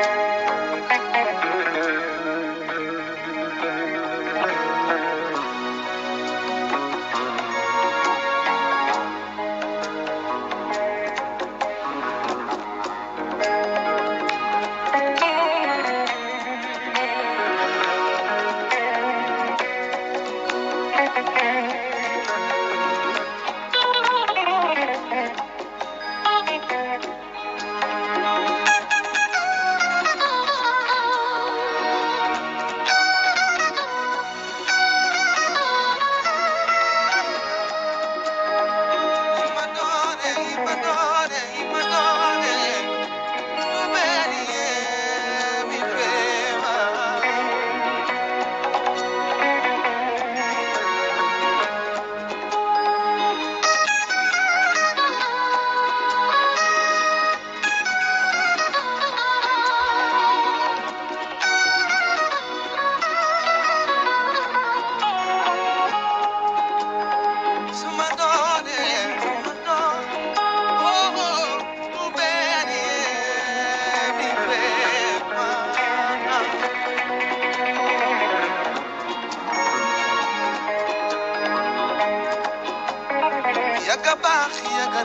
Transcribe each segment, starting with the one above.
Bye. yàgg a baax yàgg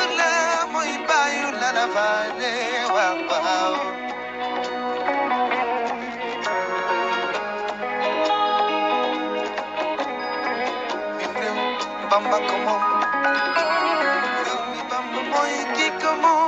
a la mooy bàyyu la la faale waaw waaw Bamba ko moom réew mi Bamba mooy ki ko moom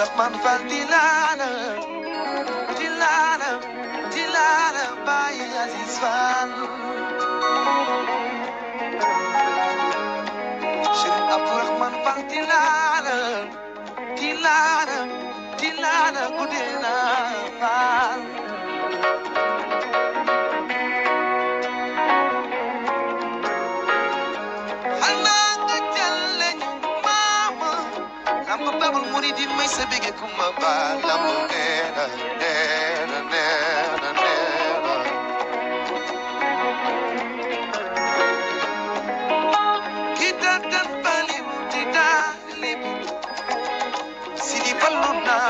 def man fal di laana di laana di laana bàyyi Aziz Fall Cheikh Abdourahmane Fall di laana di laana di laana guddee naa Fall se bigger kuma ba la mungera na. nera nera kita tan pali mutita libi sidi paluna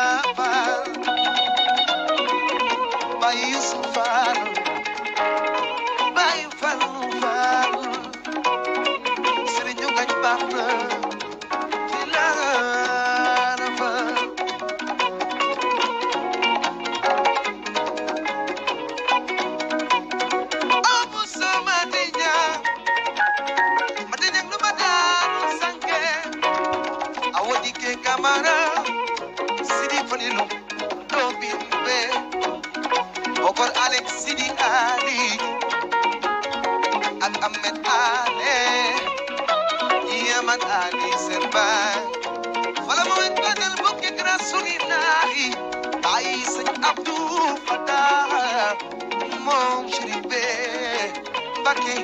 bakke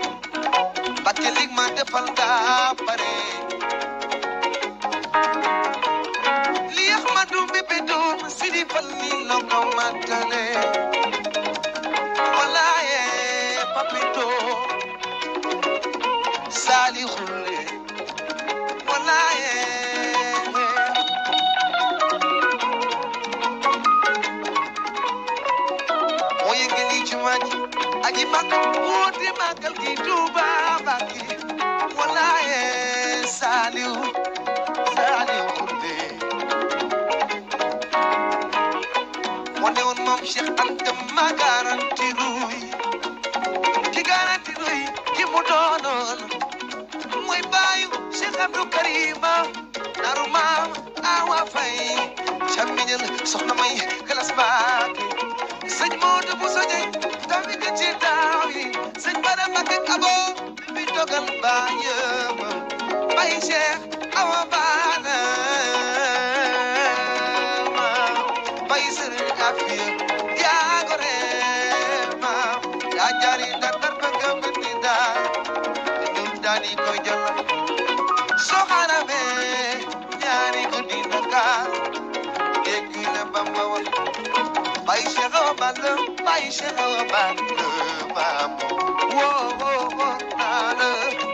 bakke lig ma de falga pare li ahmadu be bedo sidi falli no ko matane walaye papito sali khulle walaye Thank you aji makka wuti magal gi Tuuba Mbàkke walaaye Saaliw Saaliw Kunte moo ne woon moom Cheikh Anta ma garanti ki garanti ki Karima Awa Fay camiñal soxna may galas mi dogal baayam bay cheikh awa bana ma bay sëriñ afia yaa gore ma yaa jari dakar ba nga bëtti daal ñoom daani maisha romana, maisha romana, oh oh oh, love.